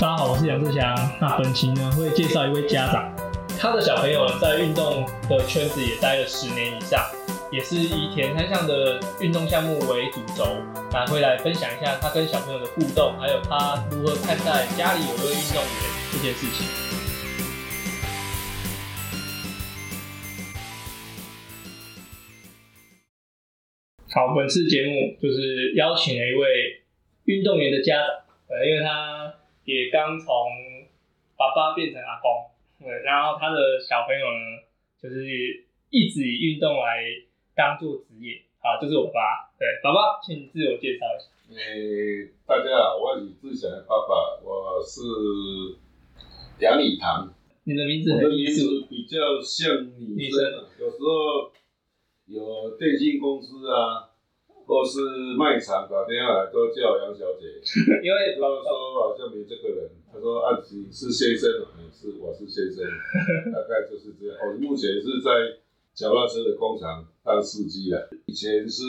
大家好，我是楊志祥。那本期呢會介紹一位家長，他的小朋友在運動的圈子也待了十年以上，也是以鐵三項的運動項目為主軸，那、啊、會來分享一下他跟小朋友的互動，還有他如何看待家裡有位運動員這件事情。好，本次節目就是邀請了一位運動員的家長，呃，因為他。也剛從爸爸變成阿公，對，然後他的小朋友呢，就是一直以運動來當做職業，好、啊，就是我爸，爸，對，爸爸，請你自我介紹一下、欸。大家好，我是李志前的爸爸，我是楊禮堂。你的名字很，我的名字比較像女生、啊，女生有時候有電信公司啊。或是賣場打電話來都叫楊小姐， 因為他說好像沒這個人，他說啊，你是先生啊，是我是先生， 大概就是這樣。我目前是在腳踏車的工廠當司機了，以前是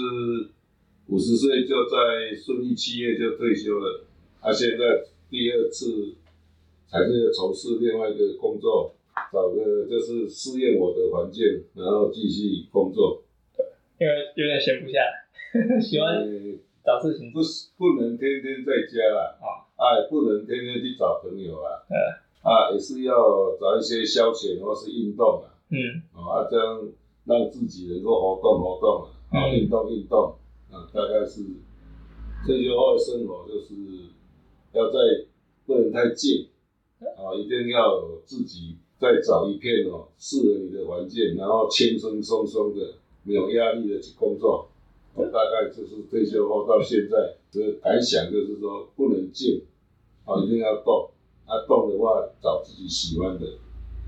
五十歲就在順義企業就退休了，他、啊、現在第二次還是從事另外一個工作，找個就是適應我的環境，然後繼續工作。因為有點閒不下。 喜歡找事情，欸、不是不能天天在家，哦、啊，哎，不能天天去找朋友啦，啊，嗯、啊，也是要找一些消遣或是運動、啊、嗯，啊，這樣讓自己能夠活動活動啊，運、嗯啊、動運動，啊，大概是退休後，的生活就是要在不能太靜，啊，一定要自己再找一片哦適合你的環境，然後輕鬆鬆鬆的，沒有壓力的去工作。嗯嗯哦、大概就是退休後到現在，這感想就是說不能靜，啊、哦、一定要動，啊動的話找自己喜歡的，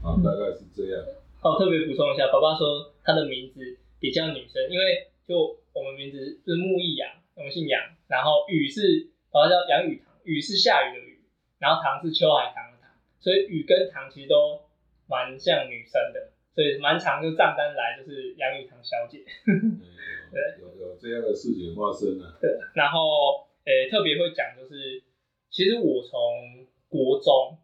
啊、哦、大概是這樣。嗯、好，特別補充一下，爸爸說他的名字比較女生，因為就我們名字是木易楊，我們姓楊，然後雨是，爸爸叫楊雨棠，雨是下雨的雨，然後棠是秋海棠的棠，所以雨跟棠其實都蠻像女生的，所以蠻常就賬單來就是楊雨棠小姐。嗯對，有有這樣的事情發生了對，然後，欸，特別會講就是，其實我從國中，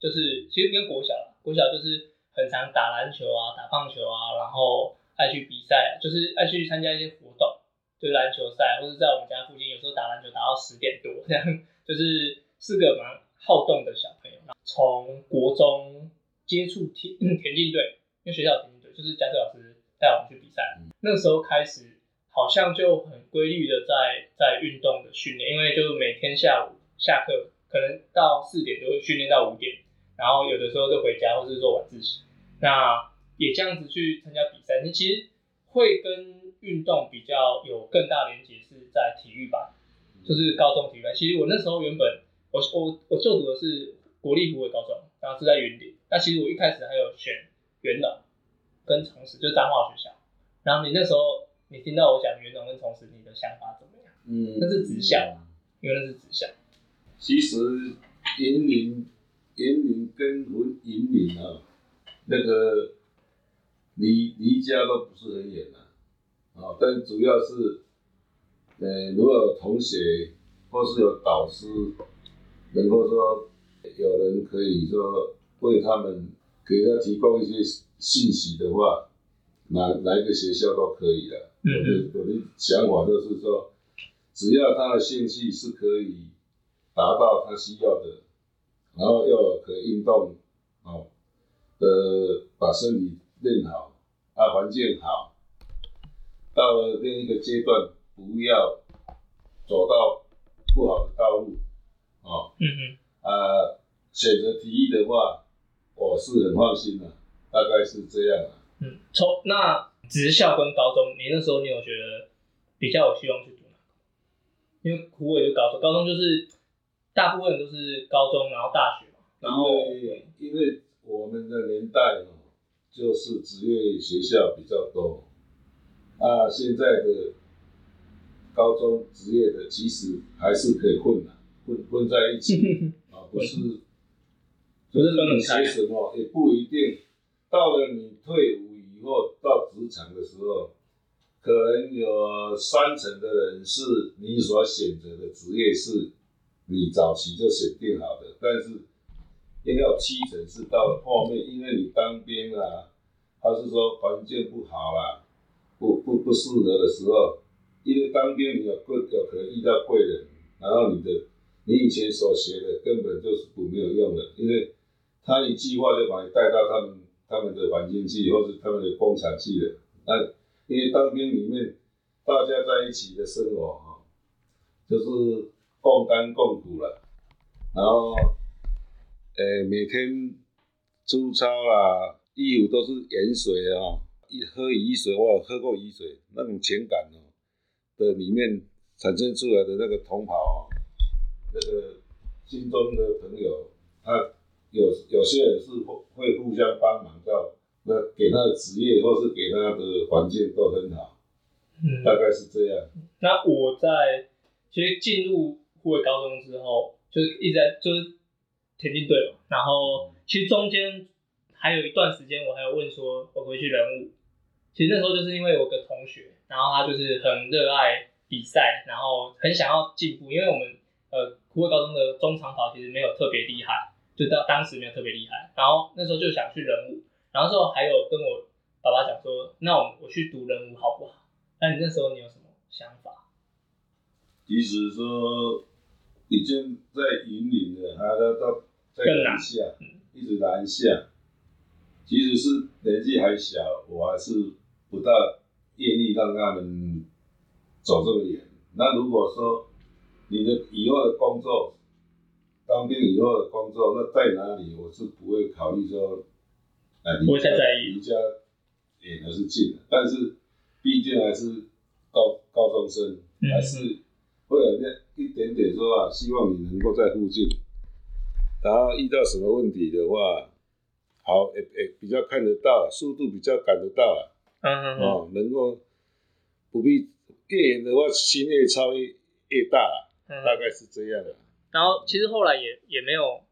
就是其實跟國小啦，國小就是很常打籃球啊，打棒球啊，然後愛去比賽，就是愛去參加一些活動，就是籃球賽，或者在我們家附近有時候打籃球打到十點多這樣，就是四個蠻好動的小朋友。從國中接觸田田徑隊，因為學校田徑隊就是家政老師帶我們去比賽，嗯，那個時候開始。好像就很規律的在在運動的訓練，因為就是每天下午下課，可能到四點就會訓練到五點，然後有的時候就回家，或是做晚自習。那也這樣子去參加比賽，你其實會跟運動比較有更大連接，是在體育班，就是高中體育班。其實我那時候原本我我我就讀的是國立虎尾高中，然後是在圓點。那其實我一開始還有選原老跟常識，就彰化學校，然後你那時候。你聽到我講元龍跟蟲師，你的想法怎麼樣？嗯，那是指向，嗯，因為那是指向。其實引領，延陵、延陵跟文延陵啊，那個離離家都不是很遠啦。啊，但主要是，呃，如果有同學或是有導師，能夠說有人可以說為他們給他提供一些信息的話。哪哪一個學校都可以的、啊，我的、嗯嗯、我的想法就是說，只要他的興趣是可以達到他需要的，然後又可以運動，哦，呃，把身體練好，啊，環境好，到了另一個階段不要走到不好的道路，哦，嗯,嗯啊，選擇體育的話，我、哦、是很放心的、啊，大概是這樣、啊。嗯，從那職校跟高中，你那時候你有覺得比較有希望去讀哪個？因為虎尾就高中，高中就是大部分都是高中，然後大學嘛。然後，對對因為我們的年代哦、喔，就是職業學校比較多。啊，現在的高中職業的其實還是可以混混混在一起 啊，不是，就是你學什麼也不一定，到了你退伍。如果到職場的時候，可能有三成的人是你所選擇的職業是你早期就選定好的，但是也有七成是到了後面，因為你當兵啊，他是說環境不好啦、啊，不不不適合的時候，因為當兵你要貴，有可能遇到貴人，然後你的你以前所學的根本就是不沒有用的，因為他一句話就把你帶到他們。他們的環境器，或是他們的工廠器的那、啊、因為當兵裡面，大家在一起的生活、喔、就是共甘共苦了。然後，誒、欸，每天出操啊，衣服都是鹽水啊、喔，一喝雨水，我有喝過雨水，那種情感哦、喔、的裡面產生出來的那個同袍、喔，那個軍中的朋友他、啊有有些人是會會互相幫忙，到那給他的職業或是給他的環境都很好，嗯，大概是這樣。那我在其實進入虎尾高中之後，就是一直在，就是田徑隊嘛，然後其實中間還有一段時間，我還有問說我回去人物，其實那時候就是因為我個同學，然後他就是很熱愛比賽，然後很想要進步，因為我們呃虎尾高中的中長跑其實沒有特別厲害。就到當時沒有特別厲害，然後那時候就想去人武，然後之後還有跟我爸爸講說，那我我去讀人武好不好？那你那時候你有什麼想法？其實說已經在引領的，他他到在南下，難一直南下，即使是年紀還小，我還是不大願意讓他們走這麼遠。那如果說你的以後的工作，當兵以後的工作，那在哪裡，我是不會考慮說，哎、啊，離離家遠還是近，但是畢竟還是高高中生，還是會有一點點說啊，希望你能夠在附近，然後遇到什麼問題的話，好，也、欸、也、欸、比較看得到，速度比較趕得到，嗯哼哼、哦，能夠不必，越遠的話心超越操越大，大概是這樣的。然後其實後來也也沒有，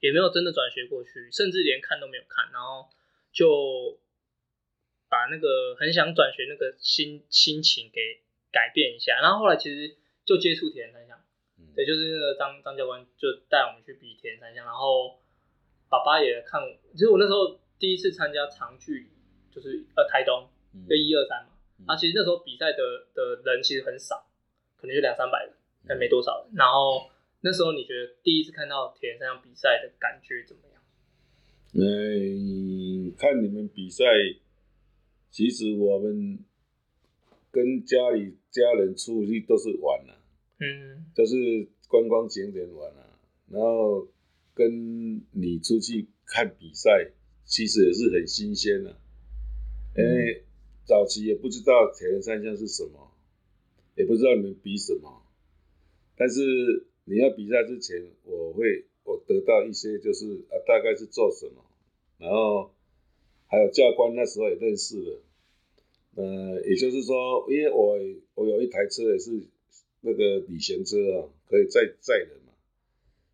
也沒有真的轉學過去，甚至連看都沒有看，然後就把那個很想轉學那個心心情給改變一下。然後後來其實就接觸鐵人三項，對，就是那個張張教官就帶我們去比鐵人三項。然後爸爸也看，其實我那時候第一次參加長距離，就是呃台東就一二三嘛。啊，其實那時候比賽的的人其實很少，可能就兩三百人，但沒多少人。然後。那時候你覺得第一次看到鐵人三項比賽的感覺怎麼樣？嗯、欸，看你們比賽，其實我們跟家裡家人出去都是玩啊，嗯，都是觀光景點玩啊。然後跟你出去看比賽，其實也是很新鮮啊，因為、欸、嗯、早期也不知道鐵人三項是什麼，也不知道你們比什麼，但是。你要比賽之前，我會我得到一些，就是啊，大概是做什麼，然後還有教官那時候也認識了，呃，也就是說，因為我我有一台車也是那個旅行車啊，可以載載人嘛，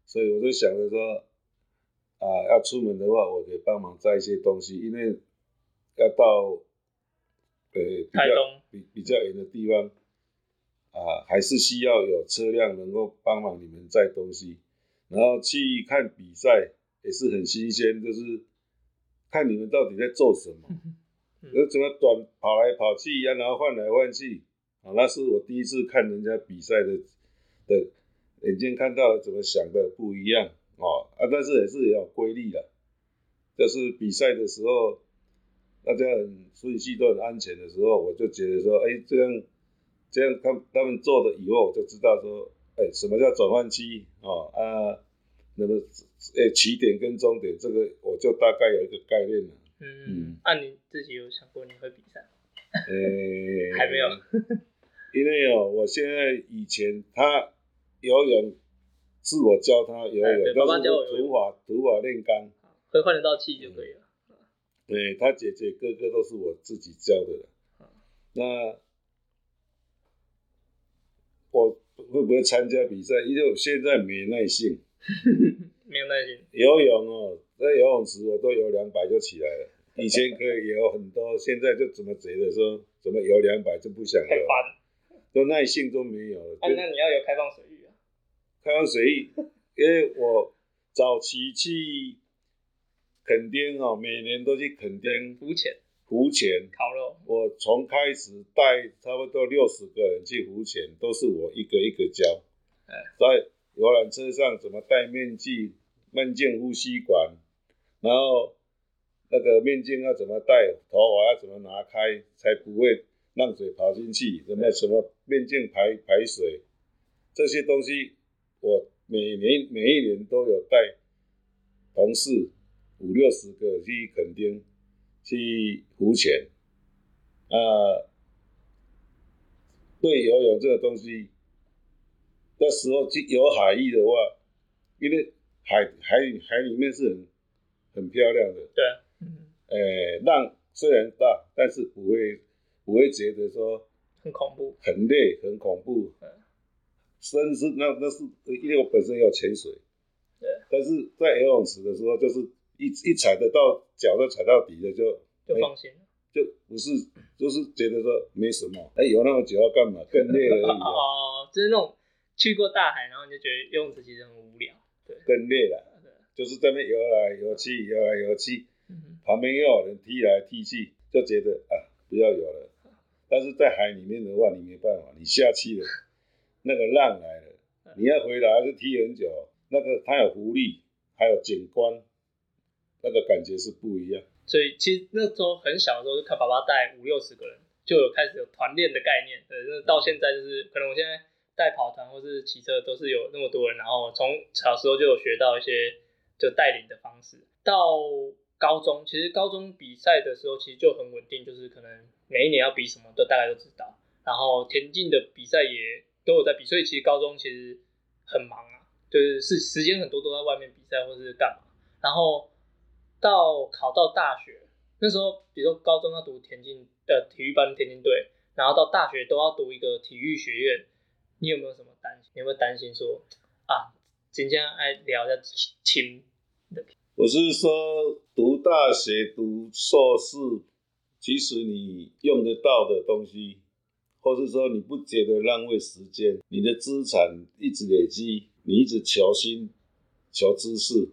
所以我就想着說，啊，要出門的話，我可以幫忙載一些東西，因為要到呃比較台東比比較遠的地方。啊，還是需要有車輛能夠幫忙你們載東西，然後去看比賽也是很新鮮，就是看你們到底在做什麼，嗯嗯、就怎麼短跑來跑去呀、啊，然後換來換去，啊，那是我第一次看人家比賽的的眼睛看到怎麼想的不一樣啊啊，但是也是也有規律的，就是比賽的時候大家很順序都很安全的時候，我就覺得說，哎、欸，這樣。這樣，他他們做的以後，我就知道說，哎、欸，什麼叫轉換期？哦、喔，啊，那麼，哎，起點跟終點，這個我就大概有一個概念了。嗯嗯。那、嗯啊、你自己有想過你會比賽？哎、欸。還沒有。因為哦、喔，我現在以前他游泳是我教他游泳，對，對，對，爸爸教我游泳，土法煉鋼。會換得到氣就可以了。對、嗯好欸，他姐姐哥哥都是我自己教的。好。那。我會不會參加比賽？因為我現在沒耐心， 沒有耐心。游泳哦、喔，在游泳池我都游兩百就起來了，以前可以游很多， 現在就怎麼覺得說，怎麼游兩百就不想游，太煩，都耐心都沒有。啊，那你要有開放水域啊？開放水域，因為我早期去墾丁哦、喔，每年都去墾丁浮潛。浮潛，我從開始帶差不多六十個人去浮潛，都是我一個一個教。在遊覽車上怎麼戴面具、面鏡呼吸管，然後那個面鏡要怎麼戴，頭髮要怎麼拿開才不會讓水跑進去，什麼面鏡排排水，這些東西我每年每一年都有帶同事五六十個人去墾丁。去浮潛，啊、呃，對游泳這個東西，那時候去游海域的話，因為海海海裡面是很很漂亮的，對，嗯，誒，浪雖然大，但是不會不會覺得說很恐怖，很累，很恐怖，恐怖嗯、深是那那是因為我本身有潛水，對，但是在游泳池的時候就是。一一踩得到腳都踩到底了就，就就放心了、欸，就不是就是覺得說沒什麼，哎、欸，游那麼久要幹嘛？更累了、啊哦哦。哦，就是那種去過大海，然後你就覺得游泳池其實很無聊。對，更累了。對，就是這邊游來游去，游來游去，旁邊又有人踢來踢去，就覺得啊，不要游了。但是在海裡面的話，你沒辦法，你下去了， 那個浪來了，你要回來就踢很久。那個它有浮力，還有景觀。那個感覺是不一樣，所以其實那時候很小的時候就看爸爸帶五六十個人，就有開始有團練的概念。呃，那到現在就是、嗯、可能我現在帶跑團或是騎車都是有那麼多人，然後從小時候就有學到一些就帶領的方式。到高中，其實高中比賽的時候其實就很穩定，就是可能每一年要比什麼，都大概都知道。然後田徑的比賽也都有在比，所以其實高中其實很忙啊，就是是時間很多都在外面比賽或是幹嘛。然後。到考到大學那時候，比如說高中要讀田徑的、呃、體育班、田徑隊，然後到大學都要讀一個體育學院。你有沒有什麼擔心？你有沒有擔心說啊，今天哎聊的親親。我是說，讀大學、讀碩士，其實你用得到的東西，或是說你不覺得浪費時間，你的資產一直累積，你一直求新、求知識，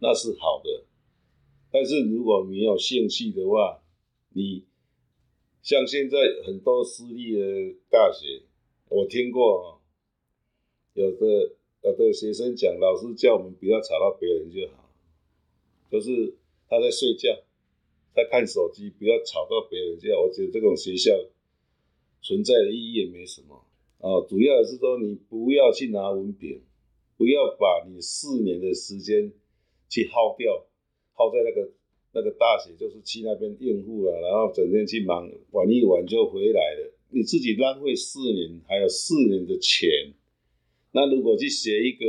那是好的。但是如果你有興趣的話，你像現在很多私立的大學，我聽過，有的有的學生講，老師叫我們不要吵到別人就好，就是他在睡覺，在看手機，不要吵到別人就好。我覺得這種學校存在的意義也沒什麼啊，主要是說你不要去拿文憑，不要把你四年的時間去耗掉。泡在那個那個大學，就是去那邊應付了啊，然後整天去忙玩一玩就回來了。你自己浪費四年，還有四年的錢。那如果去學一個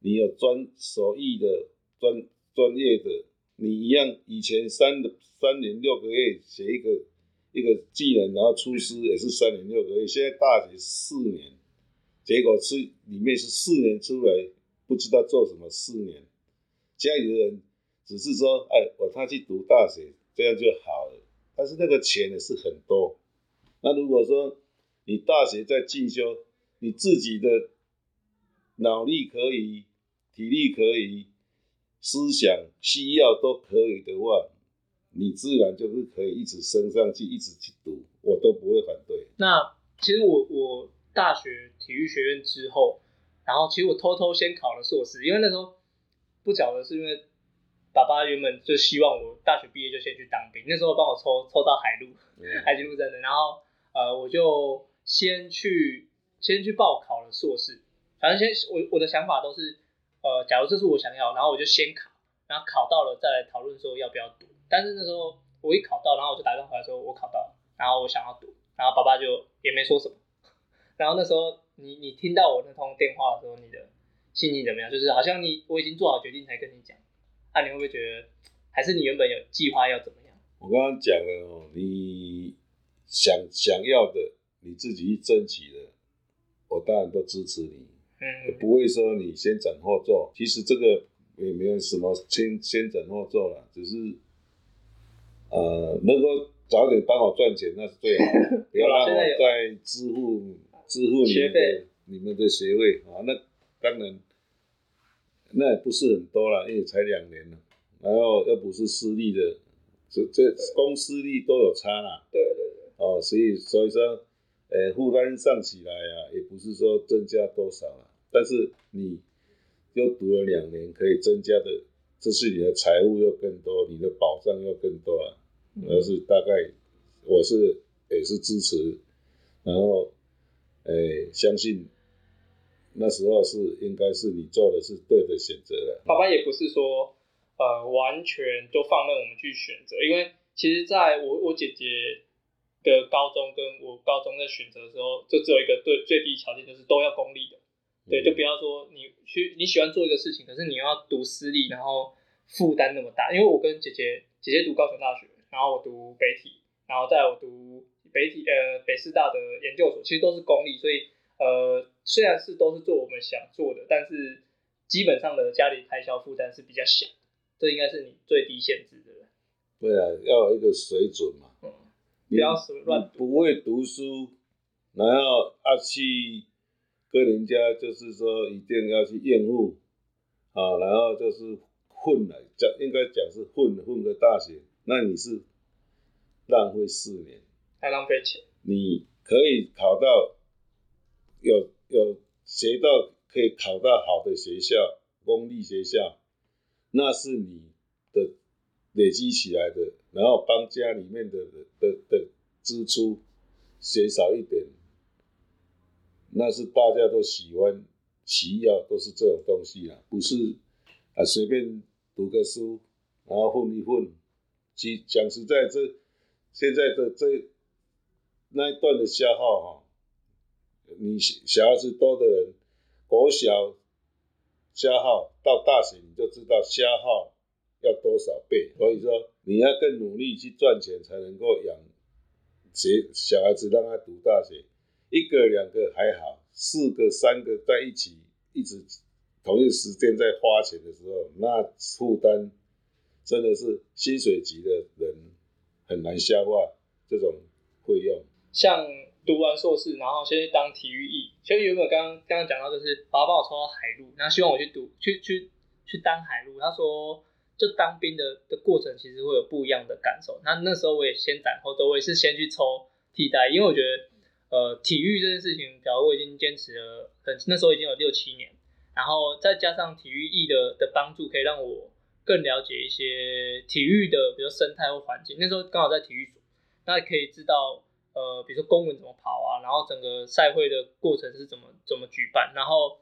你有專手藝的專專業的，你一樣以前三的三年六個月學一個一個技能，然後出師也是三年六個月。現在大學四年，結果是裡面是四年出來不知道做什麼四年，家裡的人。只是說，哎，我他去讀大學，這樣就好了。但是那個錢也是很多。那如果說你大學再進修，你自己的腦力可以，體力可以，思想需要都可以的話，你自然就是可以一直升上去，一直去讀，我都不會反對。那其實我我大學體育學院之後，然後其實我偷偷先考了碩士，因為那時候不曉得是因為。爸爸原本就希望我大學畢業就先去當兵，那時候幫我抽抽到海陸，Yeah. 海軍陸戰隊的。然後呃，我就先去先去報考了碩士，反正先我我的想法都是呃，假如這是我想要，然後我就先考，然後考到了再來討論說要不要讀。但是那時候我一考到，然後我就打電話回來說我考到了，然後我想要讀，然後爸爸就也沒說什麼。然後那時候你你聽到我那通電話的時候，你的心情怎麼樣？就是好像你我已經做好決定才跟你講。那、啊、你會不會覺得，還是你原本有計劃要怎麼樣？我剛剛講了哦、喔，你想想要的，你自己去爭取的，我當然都支持你，嗯，不會說你先斬後奏。其實這個也沒有什麼先先斬後奏了，只是呃，能夠早點幫我賺錢，那是最好的，不 要讓我再支付 在有支付你，費你們的學你們的學費啊，那當然。那也不是很多啦，因為才兩年了，然後又不是私立的，這這公私立都有差啦。對，對對對。哦，所以所以說，誒、欸，負擔上起來啊，也不是說增加多少啊，但是你又讀了兩年，可以增加的，對對，這是你的財務又更多，你的保障又更多了。嗯、而是大概，我是也是支持，然後誒、欸，相信。那時候是應該是你做的是對的選擇了。嗯、爸爸也不是說，呃，完全就放任我們去選擇，因為其實在我我姐姐的高中跟我高中的選擇的時候，就只有一個最最低條件，就是都要公立的。對，嗯、就不要說你去你喜歡做一個事情，可是你要讀私立，然後負擔那麼大。因為我跟姐姐姐姐讀高雄大學，然後我讀北體，然後再我讀北體呃北師大的研究所，其實都是公立，所以呃。雖然是都是做我們想做的，但是基本上的家裡開銷負擔是比較小的，這應該是你最低限制的。對啊，要有一個水準嘛。嗯。不要亂，不會讀書，嗯、然後啊去跟人家就是說一定要去應付啊，然後就是混了應該講是混混個大學，那你是浪費四年。太浪費錢。你可以考到有。有學到可以考到好的學校，公立學校，那是你的累積起來的，然後幫家裡面的的的、的支出減少一點，那是大家都喜歡需要都是這種東西啊，不是啊隨便讀個書，然後混一混，其講實在這現在的這那一段的消耗哈，啊。你小孩子多的人，國小消耗到大學，你就知道消耗要多少倍。所以說，你要更努力去賺錢，才能夠養小孩子，讓他讀大學。一個兩個還好，四個三個在一起，一直同一時間在花錢的時候，那負擔真的是薪水級的人很難消化這種費用。像。讀完碩士，然後先去當體育役，其實原本剛剛剛講到就是，爸爸幫我抽到海陸，然後希望我去讀、嗯、去去去當海陸，他說就當兵的的過程其實會有不一樣的感受。那那時候我也先斬後奏，我也是先去抽替代，因為我覺得呃體育這件事情，假如我已經堅持了很那時候已經有六七年，然後再加上體育役的的幫助，可以讓我更了解一些體育的，比如說生態或環境。那時候剛好在體育組，那可以知道。呃，比如說公文怎麼跑啊，然後整個賽會的過程是怎麼怎麼舉辦，然後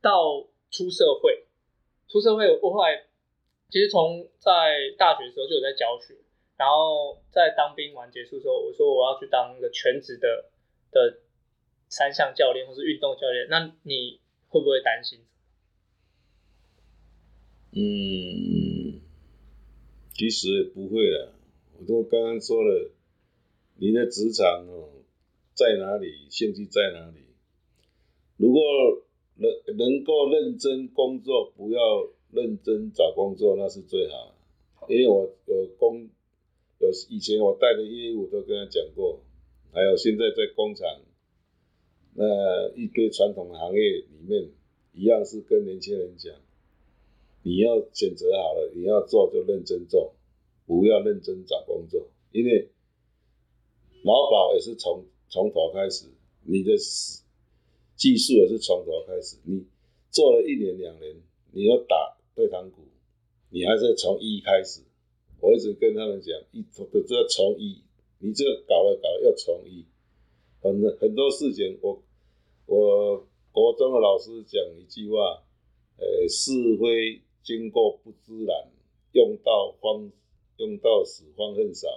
到出社會，出社會我後來其實從在大學的時候就有在教學，然後在當兵完結束之後，我說我要去當個全職的的三項教練或是運動教練，那你會不會擔心？嗯，其實不會了，我都剛剛說了。你的職場哦在哪裡？興趣在哪裡？如果能能夠認真工作，不要認真找工作，那是最好。因為我有工有以前我帶的業務都跟他講過，還有現在在工廠那一堆傳統行業裡面，一樣是跟年輕人講，你要選擇好了，你要做就認真做，不要認真找工作，因為。勞保也是從從頭開始，你的技術也是從頭開始。你做了一年兩年，你要打退堂鼓，你還是從一開始。我一直跟他們講，一這從一，你這搞了搞要從一。很多很多事情我，我我國中的老師講一句話，呃，事非經過不知難，用到方用到時方恨少。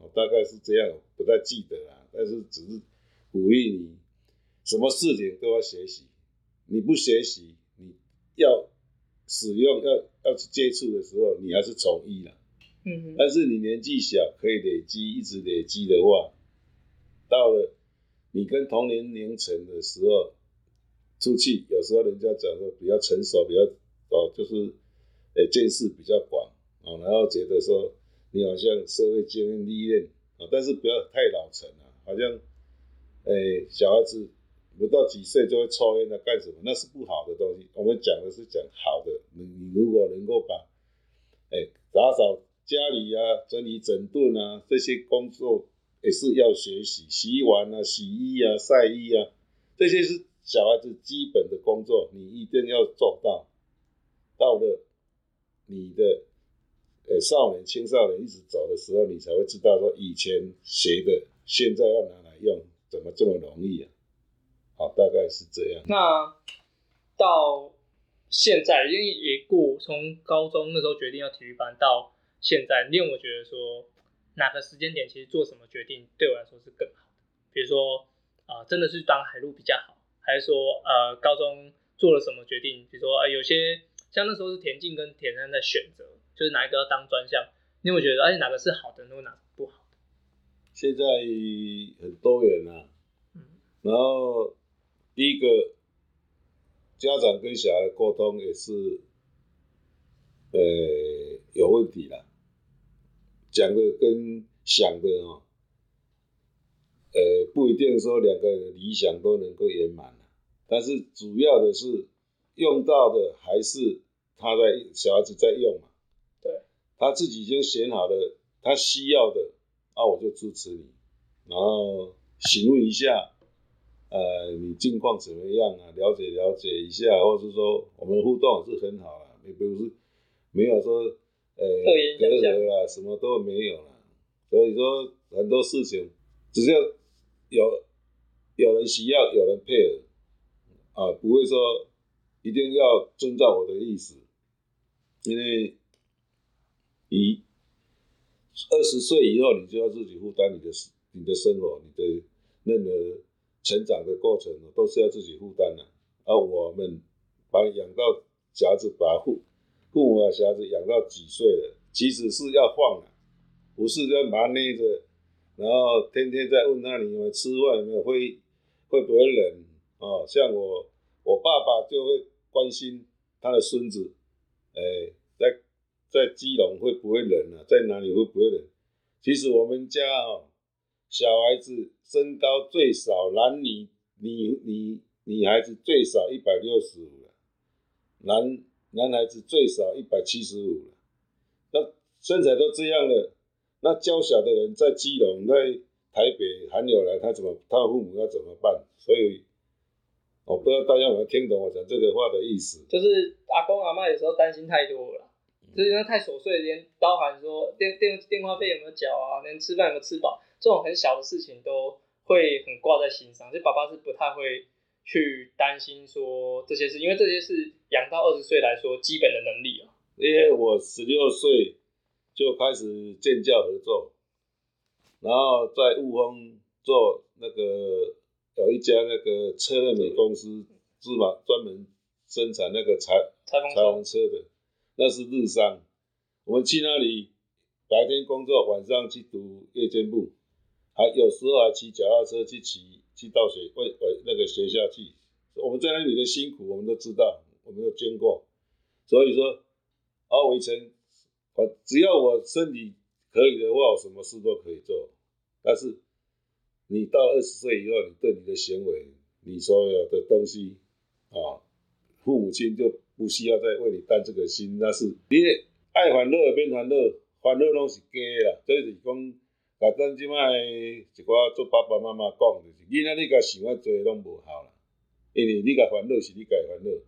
我大概是這樣，不太記得了，但是只是鼓勵你，什麼事情都要學習。你不學習，你要使用、要要去接觸的時候，你還是從醫啦。嗯哼。但是你年紀小，可以累積，一直累積的話，到了你跟同齡年年成的時候，出去有時候人家講說比較成熟，比較哦，就是呃見識比較廣啊，然後覺得說。你好像社會經驗歷練啊，但是不要太老成啊，好像，哎、欸，小孩子不到幾歲就會抽菸了，啊，幹什麼？那是不好的東西。我們講的是講好的，你如果能夠把，欸、打掃家裡啊，整理整頓啊這些工作也是要學習。洗碗啊，洗衣啊，曬衣啊，這些是小孩子基本的工作，你一定要做到。到了你的。哎、欸，少年、青少年，一直走的時候，你才會知道說以前學的，現在要拿來用，怎麼這麼容易啊？好，大概是這樣。那到現在，因為也過從高中那時候決定要體育班到現在，你有覺得說哪個時間點其實做什麼決定對我來說是更好的？比如說啊、呃，真的是當海陸比較好，還是說呃，高中做了什麼決定？比如說呃，有些像那時候是田徑跟田山在選擇。就是哪一個要當專項？你有沒有覺得，而、哎、哪個是好的，哪個不好的？現在很多人啊，嗯，然後第一個家長跟小孩的溝通也是，呃，有問題啦，講的跟想的哦、喔，呃，不一定說兩個理想都能夠圓滿啦。但是主要的是用到的還是他在小孩子在用嘛。他自己已經選好了，他需要的，那、啊、我就支持你。然後詢問一下，呃，你近況怎麼樣啊？了解了解一下，或是說我們互動是很好啊，比如是沒有說，呃、欸，隔閡啊什麼都沒有了。所以說很多事情，只要有有人需要，有人配合，啊，不會說一定要遵照我的意思，因為。你二十歲以後，你就要自己負擔你的、你的生活、你的那個成長的過程都是要自己負擔的。而、啊、我們把你養到小孩子，把父父母、把孩子養到幾歲了，其實是要放的、啊，不是要拿捏着，然後天天在問他，你有沒有吃飯，有沒有、會會不會冷啊，哦？像我，我爸爸就會關心他的孫子，欸在基隆會不會冷啊？在哪裡會不會冷？其實我們家哦，小孩子身高最少，男女女女女孩子最少一百六十五了，男男孩子最少一百七十五了。那身材都這樣了，那嬌小的人在基隆，在台北還有來，他怎麼他父母要怎麼辦？所以，我不知道大家有沒有聽懂我講這個話的意思。就是阿公阿嬤有時候擔心太多了。就是那太瑣碎，連包含說電電電話費有沒有繳啊，連吃飯有沒有吃飽，這種很小的事情都會很掛在心上。就爸爸是不太會去擔心說這些事，因為這些是養到二十歲來說基本的能力啊。因為我十六歲就開始建教合作，然後在霧峰做那個有一家那個車的美公司，對是吧專門生產那個柴柴裁縫車的。那是日商，我們去那裡白天工作，晚上去讀夜間部，還、啊、有時候還騎腳踏車去騎去到學，喂、欸、喂、欸、那個學校去。我們在那裡的辛苦我們都知道，我們都經過。所以說，而偉城，我只要我身體可以的話，我什麼事都可以做。但是你到二十歲以後，你對你的行為，你所有的東西啊，父母親就。不需要再為你擔這個心，那是你愛煩惱，免煩惱；煩惱攏是假的啦。所以就是講，甲咱即擺一寡做爸爸媽媽講，就是囡仔汝甲想遐濟攏無效啦，因為汝甲煩惱是汝家煩惱，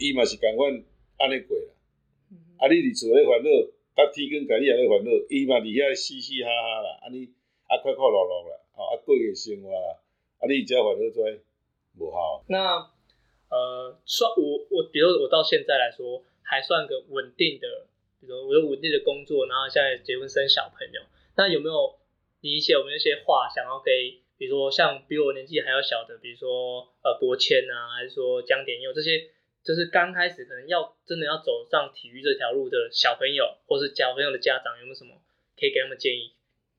伊嘛是同款安尼過啦。啊，汝佇厝咧煩惱，甲天光家己也咧煩惱，伊嘛佇遐嘻嘻哈哈啦，安尼啊快快樂樂啦，吼啊過的生活啦，啊汝遮煩惱濟無效。那呃，算我我，比如說我到現在來說，還算個穩定的，比如說我有穩定的工作，然後現在結婚生小朋友。那有沒有你寫我們那些話，想要給，比如說像比我年紀還要小的，比如說呃博謙啊，還是說江典佑這些，就是剛開始可能要真的要走上體育這條路的小朋友，或是小朋友的家長，有沒有什麼可以給他們建議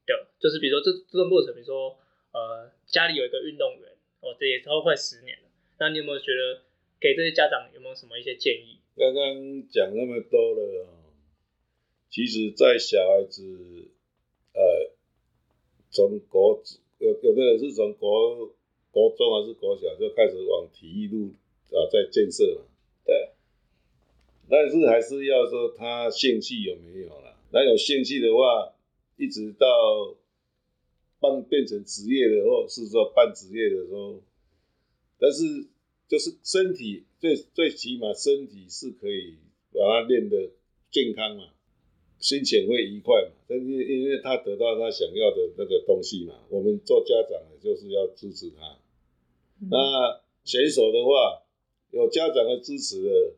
的？就是比如說這這段過程，比如說呃家裡有一個運動員，哦，這也超快十年了。那你有沒有覺得，給這些家長有沒有什麼一些建議？剛剛講那麼多了，其實在小孩子，呃，從國有有的人是從國國中還是國小就開始往體育路啊在建設了，對。但是還是要說他興趣有沒有啦。那有興趣的話，一直到半變成職業的或，是說半職業的時候，但是。就是身體，最最起碼身體是可以把它練得健康嘛，心情會愉快嘛。但是因為他得到他想要的那個東西嘛，我們做家長的就是要支持他。嗯、那選手的話，有家長的支持了，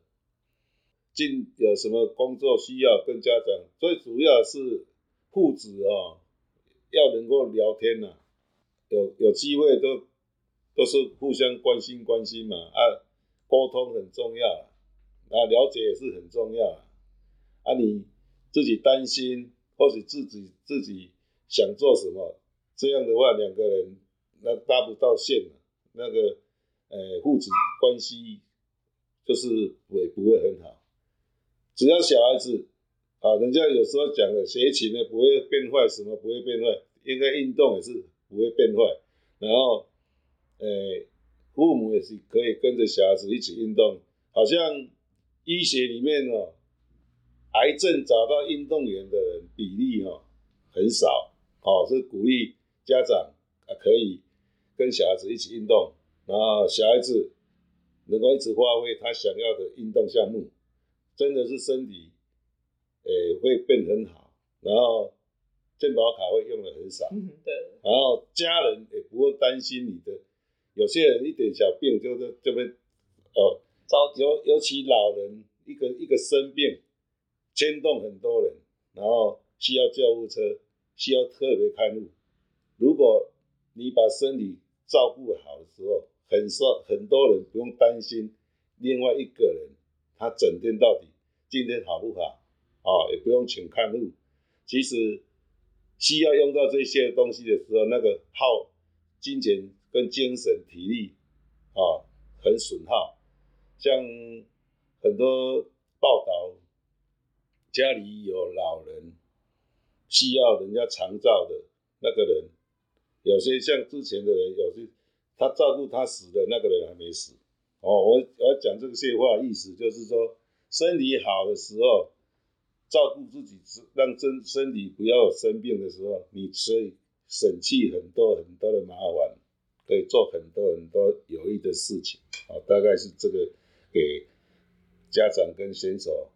進有什麼工作需要跟家長，最主要是父子哦，要能夠聊天吶、啊，有有機會都。都是互相關心關心嘛啊，溝通很重要啊，了解也是很重要啊。你自己擔心，或許自己自己想做什麼，這樣的話兩個人那搭不到線了，那個呃、欸、父子關係就是也不會很好。只要小孩子啊，人家有時候講的，學琴呢不會變壞，什麼不會變壞，應該運動也是不會變壞，然後。呃、欸，父母也是可以跟着小孩子一起運動。好像醫學裡面哦、喔，癌症找到運動員的人比例哦、喔，很少。哦、喔，是鼓勵家長啊，可以跟小孩子一起運動，然後小孩子能夠一直發揮他想要的運動項目，真的是身體呃、欸、會變很好。然後健保卡會用得很少，對。然後家人也不用擔心你的。有些人一點小病就這這邊哦，尤尤其老人一個一個生病牽動很多人，然後需要救護車，需要特別看護。如果你把身體照顧好的時候，很少很多人不用擔心。另外一個人他整天到底今天好不好啊、哦，也不用請看護。其實需要用到這些東西的時候，那個耗金錢，跟精神體力，啊、哦，很損耗。像很多報道，家裡有老人需要人家長照的那個人，有些像之前的人，有些他照顧他死的那個人還沒死。哦，我我講這些話意思就是說，身體好的時候，照顧自己，讓身身體不要生病的時候，你可以省去很多很多的麻煩。對，做很多很多有益的事情啊，大概是這個給家長跟選手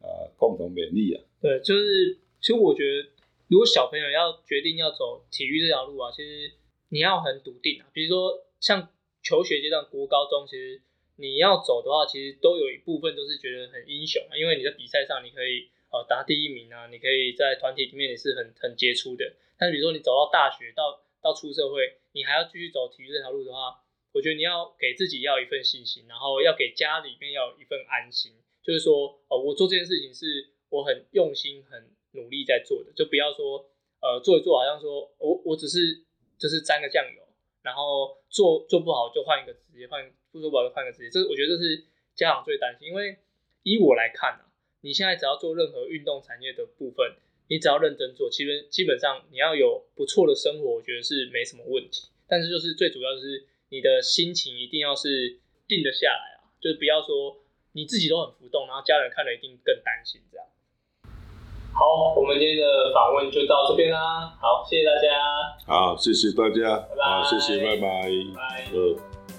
啊共同勉勵啊。對，就是其實我覺得，如果小朋友要決定要走體育這條路啊，其實你要很篤定啊。比如說像求學階段，國高中，其實你要走的話，其實都有一部分都是覺得很英雄啊，因為你在比賽上你可以呃打第一名啊，你可以在團體裡面也是很很傑出的。但比如說你走到大學到，要出社會，你還要繼續走體育這條路的話，我覺得你要給自己要一份信心，然後要給家裡面要有一份安心，就是說，呃、哦，我做這件事情是我很用心、很努力在做的，就不要說，呃，做一做好像說我我只是就是沾個醬油，然後做做不好就換一個職業，換不做不好就換一個職業，這我覺得這是家長最擔心，因為以我來看啊，你現在只要做任何運動產業的部分、欸。你只要認真做，其實基本上你要有不錯的生活，我覺得是沒什麼問題。但是就是最主要是你的心情一定要是定得下來啊，就是不要說你自己都很浮動，然後家人看了一定更擔心這樣。好，我們今天的訪問就到這邊啦。好，謝謝大家。好，謝謝大家。拜拜。好，謝謝，拜拜。拜拜。嗯。